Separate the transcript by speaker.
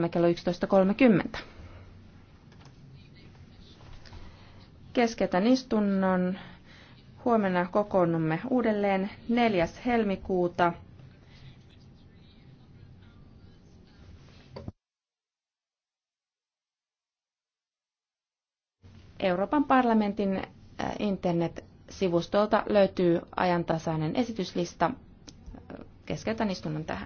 Speaker 1: päätämme kello 11.30.
Speaker 2: Keskeytän istunnon. Huomenna kokoonnumme uudelleen 4. helmikuuta.
Speaker 3: Euroopan parlamentin äh, internet-sivustolta löytyy ajantasainen esityslista. Äh, keskeytän istunnon tähän.